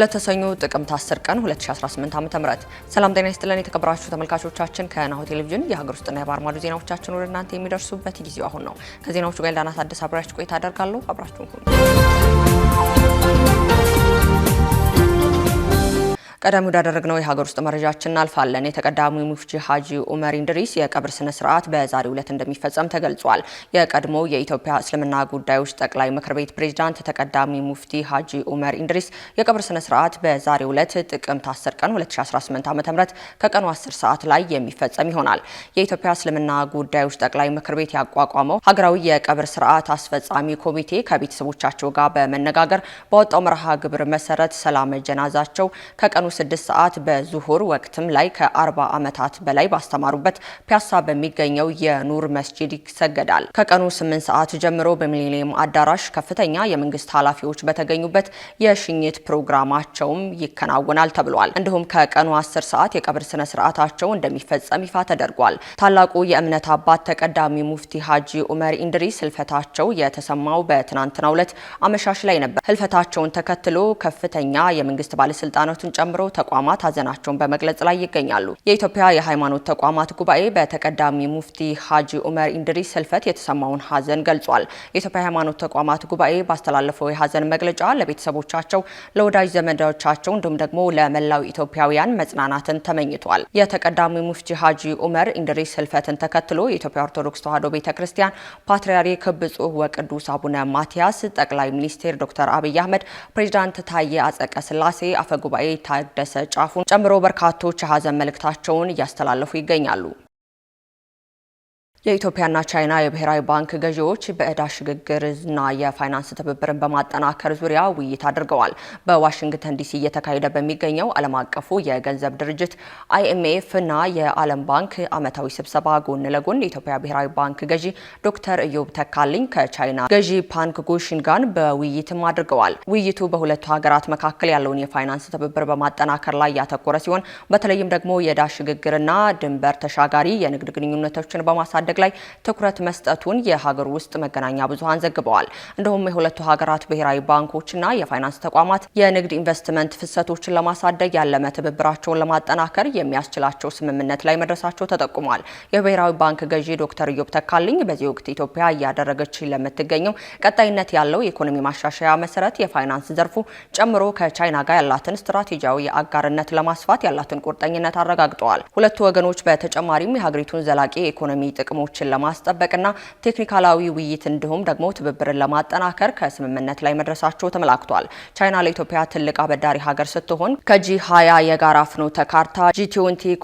ለተሰኙ ጥቅምት 10 ቀን 2018 ዓ.ም ሰላም ጤና ይስጥልን። የተከበራችሁ ተመልካቾቻችን ከናሁ ቴሌቪዥን የሀገር ውስጥና የባህር ማዶ ዜናዎቻችን ወደ እናንተ የሚደርሱበት ጊዜው አሁን ነው። ከዜናዎቹ ጋር ዳናት አዲስ አብራችሁ ቆይታ አደርጋለሁ። አብራችሁን ሁኑ። ቀዳሚ ወዳደረግነው የሀገር ውስጥ መረጃችን እናልፋለን። የተቀዳሚው ሙፍቲ ሀጂ ኡመር ኢንድሪስ የቀብር ስነ ስርዓት በዛሬው ዕለት እንደሚፈጸም ተገልጿል። የቀድሞ የኢትዮጵያ እስልምና ጉዳዮች ጠቅላይ ምክር ቤት ፕሬዝዳንት ተቀዳሚ ሙፍቲ ሀጂ ኡመር ኢንድሪስ የቀብር ስነ ስርዓት በዛሬው ዕለት ጥቅምት 10 ቀን 2018 ዓ.ም ከቀኑ 10 ሰዓት ላይ የሚፈጸም ይሆናል። የኢትዮጵያ እስልምና ጉዳዮች ጠቅላይ ምክር ቤት ያቋቋመው ሀገራዊ የቀብር ስርዓት አስፈጻሚ ኮሚቴ ከቤተሰቦቻቸው ጋር በመነጋገር በወጣው መርሃ ግብር መሰረት ሰላም ጀናዛቸው ከቀኑ ስድስት ሰዓት በዙሁር ወቅትም ላይ ከአርባ ዓመታት በላይ ባስተማሩበት ፒያሳ በሚገኘው የኑር መስጂድ ይሰገዳል። ከቀኑ ስምንት ሰዓት ጀምሮ በሚሊኒየም አዳራሽ ከፍተኛ የመንግስት ኃላፊዎች በተገኙበት የሽኝት ፕሮግራማቸውም ይከናወናል ተብሏል። እንዲሁም ከቀኑ አስር ሰዓት የቀብር ስነ ስርዓታቸው እንደሚፈጸም ይፋ ተደርጓል። ታላቁ የእምነት አባት ተቀዳሚ ሙፍቲ ሀጂ ኡመር ኢንድሪስ ህልፈታቸው የተሰማው በትናንትናው ዕለት አመሻሽ ላይ ነበር። ህልፈታቸውን ተከትሎ ከፍተኛ የመንግስት ባለስልጣናቱን ጨምሮ ጨምሮ ተቋማት ሀዘናቸውን በመግለጽ ላይ ይገኛሉ። የኢትዮጵያ የሃይማኖት ተቋማት ጉባኤ በተቀዳሚ ሙፍቲ ሀጂ ኡመር ኢንድሪስ ህልፈት የተሰማውን ሀዘን ገልጿል። የኢትዮጵያ የሃይማኖት ተቋማት ጉባኤ ባስተላለፈው የሀዘን መግለጫ ለቤተሰቦቻቸው፣ ለወዳጅ ዘመዶቻቸው እንዲሁም ደግሞ ለመላው ኢትዮጵያውያን መጽናናትን ተመኝቷል። የተቀዳሚ ሙፍቲ ሀጂ ኡመር ኢንድሪስ ህልፈትን ተከትሎ የኢትዮጵያ ኦርቶዶክስ ተዋሕዶ ቤተ ክርስቲያን ፓትርያርክ ብፁዕ ወቅዱስ አቡነ ማትያስ፣ ጠቅላይ ሚኒስትር ዶክተር አብይ አህመድ፣ ፕሬዚዳንት ታዬ አጸቀ ስላሴ፣ አፈጉባኤ ታደሰ ጫፉን ጨምሮ በርካቶች የሀዘን መልእክታቸውን እያስተላለፉ ይገኛሉ። የኢትዮጵያና ቻይና የብሔራዊ ባንክ ገዢዎች በዕዳ ሽግግርና የፋይናንስ ትብብርን በማጠናከር ዙሪያ ውይይት አድርገዋል። በዋሽንግተን ዲሲ እየተካሄደ በሚገኘው ዓለም አቀፉ የገንዘብ ድርጅት አይኤምኤፍ እና የዓለም ባንክ ዓመታዊ ስብሰባ ጎን ለጎን የኢትዮጵያ ብሔራዊ ባንክ ገዢ ዶክተር እዮብ ተካልኝ ከቻይና ገዢ ፓንክ ጎሽን ጋን በውይይትም አድርገዋል። ውይይቱ በሁለቱ ሀገራት መካከል ያለውን የፋይናንስ ትብብር በማጠናከር ላይ ያተኮረ ሲሆን በተለይም ደግሞ የዕዳ ሽግግርና ድንበር ተሻጋሪ የንግድ ግንኙነቶችን በማሳደ ማሳደግ ላይ ትኩረት መስጠቱን የሀገር ውስጥ መገናኛ ብዙሀን ዘግበዋል። እንደሁም የሁለቱ ሀገራት ብሔራዊ ባንኮችና የፋይናንስ ተቋማት የንግድ ኢንቨስትመንት ፍሰቶችን ለማሳደግ ያለመ ትብብራቸውን ለማጠናከር የሚያስችላቸው ስምምነት ላይ መድረሳቸው ተጠቁሟል። የብሔራዊ ባንክ ገዢ ዶክተር ኢዮብ ተካልኝ በዚህ ወቅት ኢትዮጵያ እያደረገች ለምትገኘው ቀጣይነት ያለው የኢኮኖሚ ማሻሻያ መሰረት የፋይናንስ ዘርፉ ጨምሮ ከቻይና ጋር ያላትን ስትራቴጂያዊ አጋርነት ለማስፋት ያላትን ቁርጠኝነት አረጋግጠዋል። ሁለቱ ወገኖች በተጨማሪም የሀገሪቱን ዘላቂ የኢኮኖሚ ጥቅሞ ጥቅሞችን ለማስጠበቅና ቴክኒካላዊ ውይይት እንዲሁም ደግሞ ትብብርን ለማጠናከር ከስምምነት ላይ መድረሳቸው ተመላክቷል። ቻይና ለኢትዮጵያ ትልቅ አበዳሪ ሀገር ስትሆን ከጂ 20 የጋራ ፍኖተ ካርታ ጂ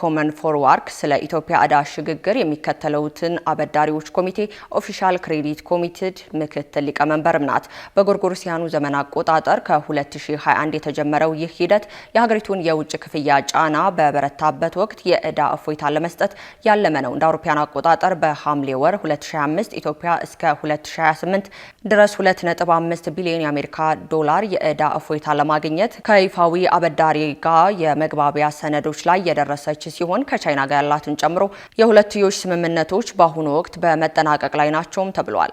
ኮመን ፎር ዋርክ ስለ ኢትዮጵያ እዳ ሽግግር የሚከተለውትን አበዳሪዎች ኮሚቴ ኦፊሻል ክሬዲት ኮሚቴድ ምክትል ሊቀመንበርም ናት። በጎርጎርሲያኑ ዘመን አቆጣጠር ከ2021 የተጀመረው ይህ ሂደት የሀገሪቱን የውጭ ክፍያ ጫና በበረታበት ወቅት የእዳ እፎይታ ለመስጠት ያለመ ነው። እንደ አውሮፓውያን አቆጣጠር በሐምሌ ወር 2025 ኢትዮጵያ እስከ 2028 ድረስ 2.5 ቢሊዮን የአሜሪካ ዶላር የዕዳ እፎይታ ለማግኘት ከይፋዊ አበዳሪ ጋር የመግባቢያ ሰነዶች ላይ የደረሰች ሲሆን ከቻይና ጋር ያላትን ጨምሮ የሁለትዮሽ ስምምነቶች በአሁኑ ወቅት በመጠናቀቅ ላይ ናቸውም ተብሏል።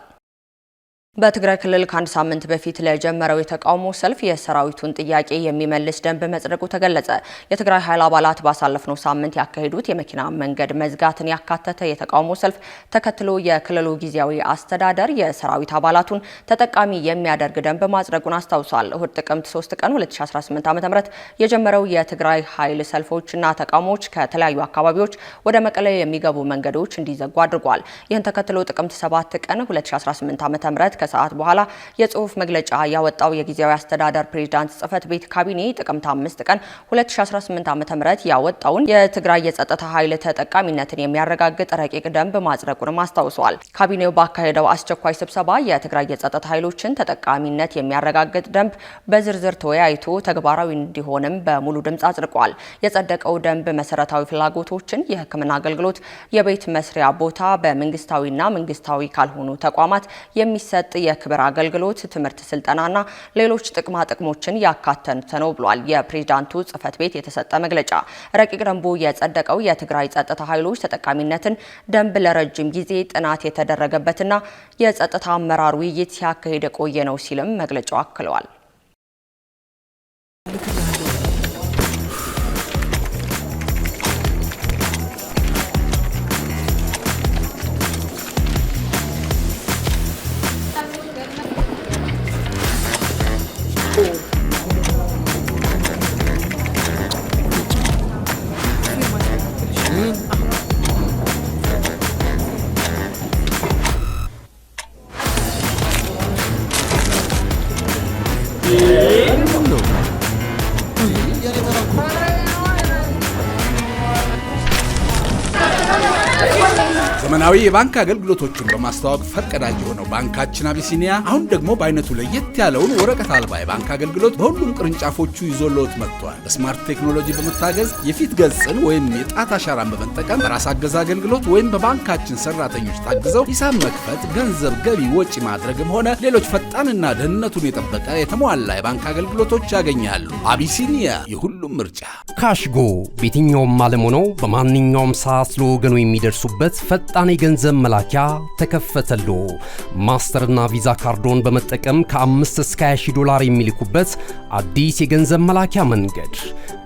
በትግራይ ክልል ከአንድ ሳምንት በፊት ለጀመረው የተቃውሞ ሰልፍ የሰራዊቱን ጥያቄ የሚመልስ ደንብ መጽደቁ ተገለጸ። የትግራይ ኃይል አባላት ባሳለፍነው ሳምንት ያካሄዱት የመኪና መንገድ መዝጋትን ያካተተ የተቃውሞ ሰልፍ ተከትሎ የክልሉ ጊዜያዊ አስተዳደር የሰራዊት አባላቱን ተጠቃሚ የሚያደርግ ደንብ ማጽደቁን አስታውሷል። እሁድ ጥቅምት 3 ቀን 2018 ም የጀመረው የትግራይ ኃይል ሰልፎችና ተቃውሞዎች ከተለያዩ አካባቢዎች ወደ መቀለ የሚገቡ መንገዶች እንዲዘጉ አድርጓል። ይህን ተከትሎ ጥቅምት 7 ቀን 2018 ዓ.ም ከሰዓት በኋላ የጽሁፍ መግለጫ ያወጣው የጊዜያዊ አስተዳደር ፕሬዝዳንት ጽህፈት ቤት ካቢኔ ጥቅምት 5 ቀን 2018 ዓ ም ያወጣውን የትግራይ የጸጥታ ኃይል ተጠቃሚነትን የሚያረጋግጥ ረቂቅ ደንብ ማጽደቁንም አስታውሰዋል። ካቢኔው ባካሄደው አስቸኳይ ስብሰባ የትግራይ የጸጥታ ኃይሎችን ተጠቃሚነት የሚያረጋግጥ ደንብ በዝርዝር ተወያይቶ ተግባራዊ እንዲሆንም በሙሉ ድምፅ አጽድቋል። የጸደቀው ደንብ መሰረታዊ ፍላጎቶችን፣ የሕክምና አገልግሎት፣ የቤት መስሪያ ቦታ በመንግስታዊና መንግስታዊ ካልሆኑ ተቋማት የሚሰጥ ሰጥ የክብር አገልግሎት፣ ትምህርት፣ ስልጠናና ሌሎች ጥቅማ ጥቅሞችን ያካተተ ነው ብሏል የፕሬዝዳንቱ ጽህፈት ቤት የተሰጠ መግለጫ። ረቂቅ ደንቡ የጸደቀው የትግራይ ጸጥታ ኃይሎች ተጠቃሚነትን ደንብ ለረጅም ጊዜ ጥናት የተደረገበትና የጸጥታ አመራር ውይይት ሲያካሄድ የቆየ ነው ሲልም መግለጫው አክለዋል። የባንክ አገልግሎቶችን በማስተዋወቅ ፈርቀዳጅ የሆነው ባንካችን አቢሲኒያ አሁን ደግሞ በአይነቱ ለየት ያለውን ወረቀት አልባ የባንክ አገልግሎት በሁሉም ቅርንጫፎቹ ይዞልዎት መጥቷል። በስማርት ቴክኖሎጂ በመታገዝ የፊት ገጽን ወይም የጣት አሻራን በመጠቀም በራስ አገዝ አገልግሎት ወይም በባንካችን ሰራተኞች ታግዘው ሂሳብ መክፈት፣ ገንዘብ ገቢ ወጪ ማድረግም ሆነ ሌሎች ፈጣንና ደህንነቱን የጠበቀ የተሟላ የባንክ አገልግሎቶች ያገኛሉ። አቢሲኒያ የሁሉም ምርጫ። ካሽጎ ቤትኛውም አለም ሆነው በማንኛውም ሰዓት ለወገኑ የሚደርሱበት ፈጣን የገንዘብ መላኪያ ተከፈተሉ። ማስተርና ቪዛ ካርዶን በመጠቀም ከ5 እስከ 20 ዶላር የሚልኩበት አዲስ የገንዘብ መላኪያ መንገድ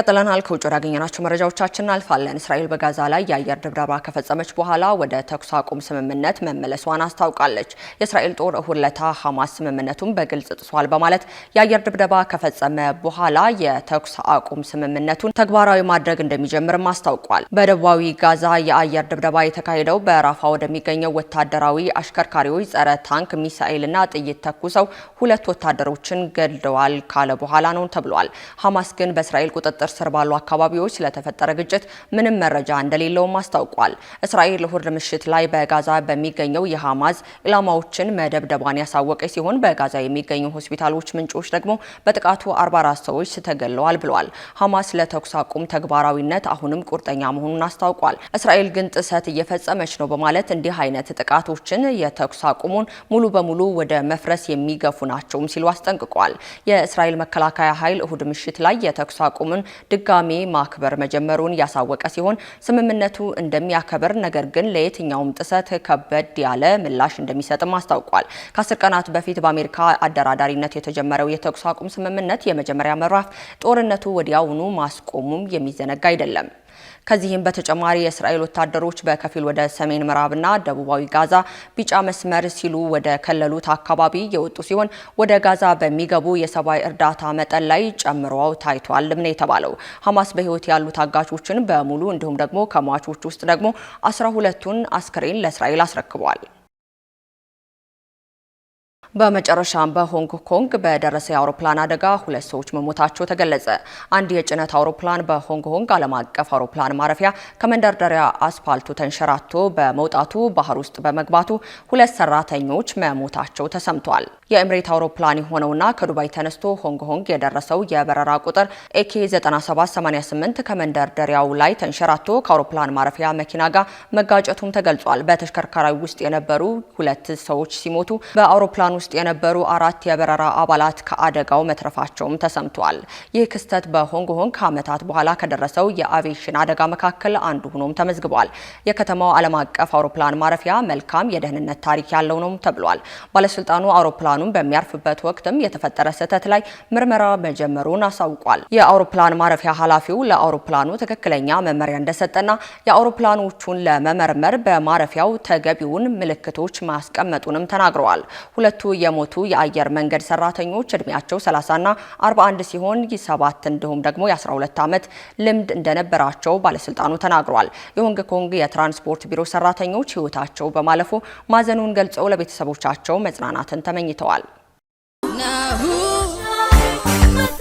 ቀጥለናል። ከውጭ ያገኘናቸው መረጃዎቻችን እናልፋለን። እስራኤል በጋዛ ላይ የአየር ድብደባ ከፈጸመች በኋላ ወደ ተኩስ አቁም ስምምነት መመለሷን አስታውቃለች። የእስራኤል ጦር እሁድ ለታ ሐማስ ስምምነቱን በግልጽ ጥሷል በማለት የአየር ድብደባ ከፈጸመ በኋላ የተኩስ አቁም ስምምነቱን ተግባራዊ ማድረግ እንደሚጀምርም አስታውቋል። በደቡባዊ ጋዛ የአየር ድብደባ የተካሄደው በራፋ ወደሚገኘው ወታደራዊ አሽከርካሪዎች ጸረ ታንክ ሚሳኤልና ጥይት ተኩሰው ሁለት ወታደሮችን ገድለዋል ካለ በኋላ ነው ተብሏል። ሐማስ ግን በእስራኤል ቁጥጥር በቁጥጥር ስር ባሉ አካባቢዎች ስለተፈጠረ ግጭት ምንም መረጃ እንደሌለውም አስታውቋል። እስራኤል እሁድ ምሽት ላይ በጋዛ በሚገኘው የሐማዝ ኢላማዎችን መደብደቧን ያሳወቀ ሲሆን በጋዛ የሚገኙ ሆስፒታሎች ምንጮች ደግሞ በጥቃቱ 44 ሰዎች ተገለዋል ብለዋል። ሐማስ ለተኩስ አቁም ተግባራዊነት አሁንም ቁርጠኛ መሆኑን አስታውቋል። እስራኤል ግን ጥሰት እየፈጸመች ነው በማለት እንዲህ አይነት ጥቃቶችን የተኩስ አቁሙን ሙሉ በሙሉ ወደ መፍረስ የሚገፉ ናቸውም ሲሉ አስጠንቅቋል። የእስራኤል መከላከያ ኃይል እሁድ ምሽት ላይ የተኩስ አቁምን ድጋሜ ማክበር መጀመሩን ያሳወቀ ሲሆን ስምምነቱ እንደሚያከብር ነገር ግን ለየትኛውም ጥሰት ከበድ ያለ ምላሽ እንደሚሰጥም አስታውቋል። ከአስር ቀናት በፊት በአሜሪካ አደራዳሪነት የተጀመረው የተኩስ አቁም ስምምነት የመጀመሪያ ምዕራፍ ጦርነቱ ወዲያውኑ ማስቆሙም የሚዘነጋ አይደለም። ከዚህም በተጨማሪ የእስራኤል ወታደሮች በከፊል ወደ ሰሜን ምዕራብና ደቡባዊ ጋዛ ቢጫ መስመር ሲሉ ወደ ከለሉት አካባቢ የወጡ ሲሆን ወደ ጋዛ በሚገቡ የሰብአዊ እርዳታ መጠን ላይ ጨምረው ታይቷልም ነው የተባለው። ሐማስ በህይወት ያሉ ታጋቾችን በሙሉ እንዲሁም ደግሞ ከሟቾች ውስጥ ደግሞ አስራ ሁለቱን አስክሬን ለእስራኤል አስረክቧል። በመጨረሻም በሆንግ ኮንግ በደረሰ የአውሮፕላን አደጋ ሁለት ሰዎች መሞታቸው ተገለጸ። አንድ የጭነት አውሮፕላን በሆንግ ኮንግ ዓለም አቀፍ አውሮፕላን ማረፊያ ከመንደርደሪያ አስፋልቱ ተንሸራቶ በመውጣቱ ባህር ውስጥ በመግባቱ ሁለት ሰራተኞች መሞታቸው ተሰምቷል። የኤምሬት አውሮፕላን የሆነውና ከዱባይ ተነስቶ ሆንግ ኮንግ የደረሰው የበረራ ቁጥር ኤኬ 9788 ከመንደርደሪያው ላይ ተንሸራቶ ከአውሮፕላን ማረፊያ መኪና ጋር መጋጨቱም ተገልጿል። በተሽከርካሪ ውስጥ የነበሩ ሁለት ሰዎች ሲሞቱ በአውሮፕላኑ ውስጥ የነበሩ አራት የበረራ አባላት ከአደጋው መትረፋቸውም ተሰምቷል። ይህ ክስተት በሆንግ ኮንግ ከዓመታት በኋላ ከደረሰው የአቪዬሽን አደጋ መካከል አንዱ ሆኖም ተመዝግቧል። የከተማው ዓለም አቀፍ አውሮፕላን ማረፊያ መልካም የደህንነት ታሪክ ያለው ነው ተብሏል። ባለስልጣኑ አውሮፕላኑን በሚያርፍበት ወቅትም የተፈጠረ ስህተት ላይ ምርመራ መጀመሩን አሳውቋል። የአውሮፕላን ማረፊያ ኃላፊው ለአውሮፕላኑ ትክክለኛ መመሪያ እንደሰጠና የአውሮፕላኖቹን ለመመርመር በማረፊያው ተገቢውን ምልክቶች ማስቀመጡንም ተናግረዋል። ሁለቱ የሞቱ የአየር መንገድ ሰራተኞች እድሜያቸው 30ና 41 ሲሆን ሰባት እንዲሁም ደግሞ የ12 ዓመት ልምድ እንደነበራቸው ባለስልጣኑ ተናግሯል። የሆንግ ኮንግ የትራንስፖርት ቢሮ ሰራተኞች ህይወታቸው በማለፉ ማዘኑን ገልጸው ለቤተሰቦቻቸው መጽናናትን ተመኝተዋል።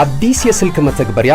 አዲስ የስልክ መተግበሪያ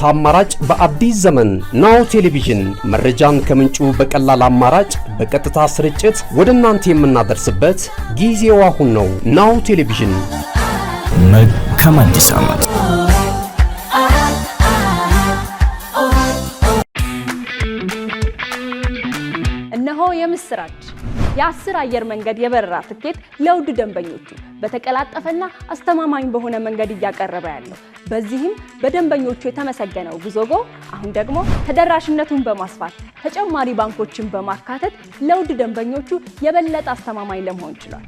አማራጭ በአዲስ ዘመን ናሁ ቴሌቪዥን መረጃን ከምንጩ በቀላል አማራጭ በቀጥታ ስርጭት ወደ እናንተ የምናደርስበት ጊዜው አሁን ነው። ናሁ ቴሌቪዥን መልካም አዲስ ዓመት። እነሆ የምስራች የአስር አየር መንገድ የበረራ ትኬት ለውድ ደንበኞቹ በተቀላጠፈና አስተማማኝ በሆነ መንገድ እያቀረበ ያለው በዚህም በደንበኞቹ የተመሰገነው ጉዞጎ አሁን ደግሞ ተደራሽነቱን በማስፋት ተጨማሪ ባንኮችን በማካተት ለውድ ደንበኞቹ የበለጠ አስተማማኝ ለመሆን ችሏል።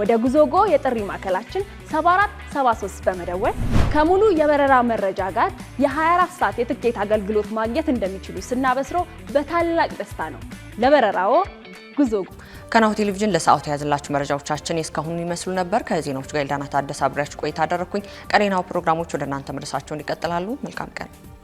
ወደ ጉዞጎ የጥሪ ማዕከላችን 7473 በመደወል ከሙሉ የበረራ መረጃ ጋር የ24 ሰዓት የትኬት አገልግሎት ማግኘት እንደሚችሉ ስናበስሮ በታላቅ ደስታ ነው። ለበረራዎ ጉዞጎ። ከናሁ ቴሌቪዥን ለሰዓቱ የያዝላችሁ መረጃዎቻችን የእስካሁኑ ይመስሉ ነበር። ከዜናዎቹ ጋር ኤልዳና ታደሰ አብሬያችሁ ቆይታ አደረግኩኝ። ቀሪናው ፕሮግራሞች ወደ እናንተ መድረሳቸውን ይቀጥላሉ። መልካም ቀን